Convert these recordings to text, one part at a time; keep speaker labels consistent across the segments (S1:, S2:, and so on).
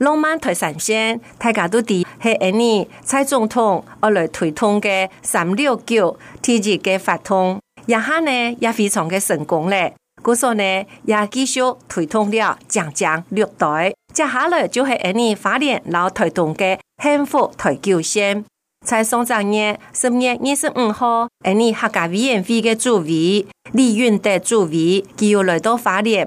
S1: 浪漫台三線，大家都知喺二零蔡總統我來推動的三六九體字的發通，然後呢也非常的成功咧。故說呢也繼續推動了，將將六代，接下來就係二零花蓮老推動的幸福台九線。在上一年十月二十五號，二零客家委員會的主委李永得主委，佢又嚟到花蓮。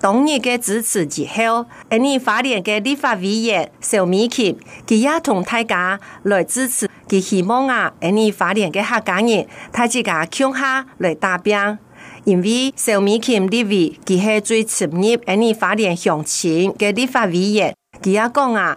S1: 當你嘅支持之後，印尼法院嘅立法委員蕭美琴，佢也同大家來支持，佢希望啊，印尼法院嘅客家人，他自己窮下來答辯，因為蕭美琴認為，他係最專業，印尼法院鄉親嘅立法委員，佢也講啊。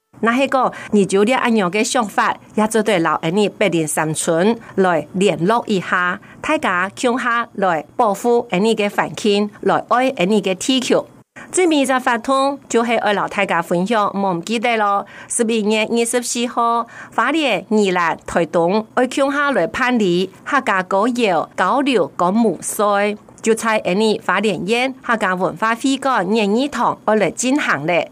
S1: 那喺個二九啲阿娘嘅想法，也做對老阿你百年三寸來聯絡一下，大家向下來保護阿你嘅環境，來愛阿你嘅地球。前面一發通就係為老大家分享，我唔記得咯。十一月二十四號，花蓮二蘭台東，向下來判理，客家歌謠交流講梅所，就喺你花蓮縣，客家文化飛過演藝堂，愛來進行咧。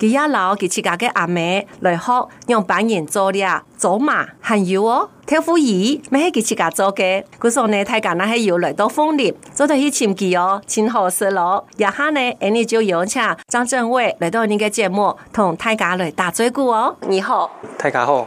S1: 佢一樓佢自家嘅阿妹來學，用板岩做啲啊，做嘛還有哦，挑副椅，咩佢自家做嘅。佢說呢，太甲，那係要來到鳳林，做到去前幾哦，前後四樓。一下呢，俺你就邀請張正尉來到你嘅節目，同太家來打嘴鼓哦。你好，
S2: 太家好。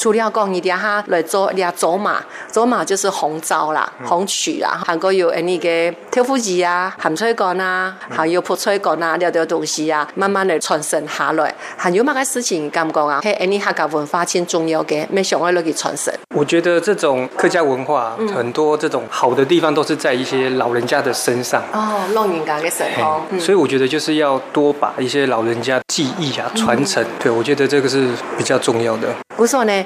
S1: 除了講伊啲哈來做，你啊走馬，走馬就是紅糟啦、紅曲啦，還個有安尼嘅豆腐乳啊、鹹菜乾啊，還有泡菜乾啊，了了、啊啊、東西啊，慢慢的傳承下來。還有乜個事情咁講啊？係安尼客家文化先重要嘅，咩想要落去傳承。我
S2: 覺得這種客家文化，嗯、很多這種好的地方都是在一些老人家的身上
S1: 哦，老人家的身哦。嗯嗯、
S2: 所以我覺得就是要多把一些老人家記憶啊傳承。嗯、對，我覺得這個是比較重要的。
S1: 為什麼呢？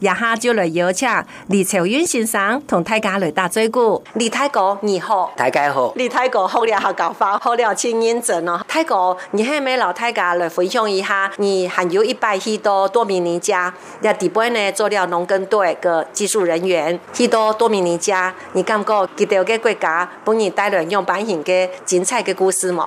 S1: 一下就來邀請李超運先生同大家來打嘴鼓。李太哥，你好。大家好。李太哥，好了好搞方好了清音正哦。太哥，你係咪老太家來分享一下？你含有一百許多多明尼加，也底部呢做了農耕隊個技術人員。許多多明尼加。你感覺幾條個國家幫你帶來有版型嘅精彩嘅故事冇？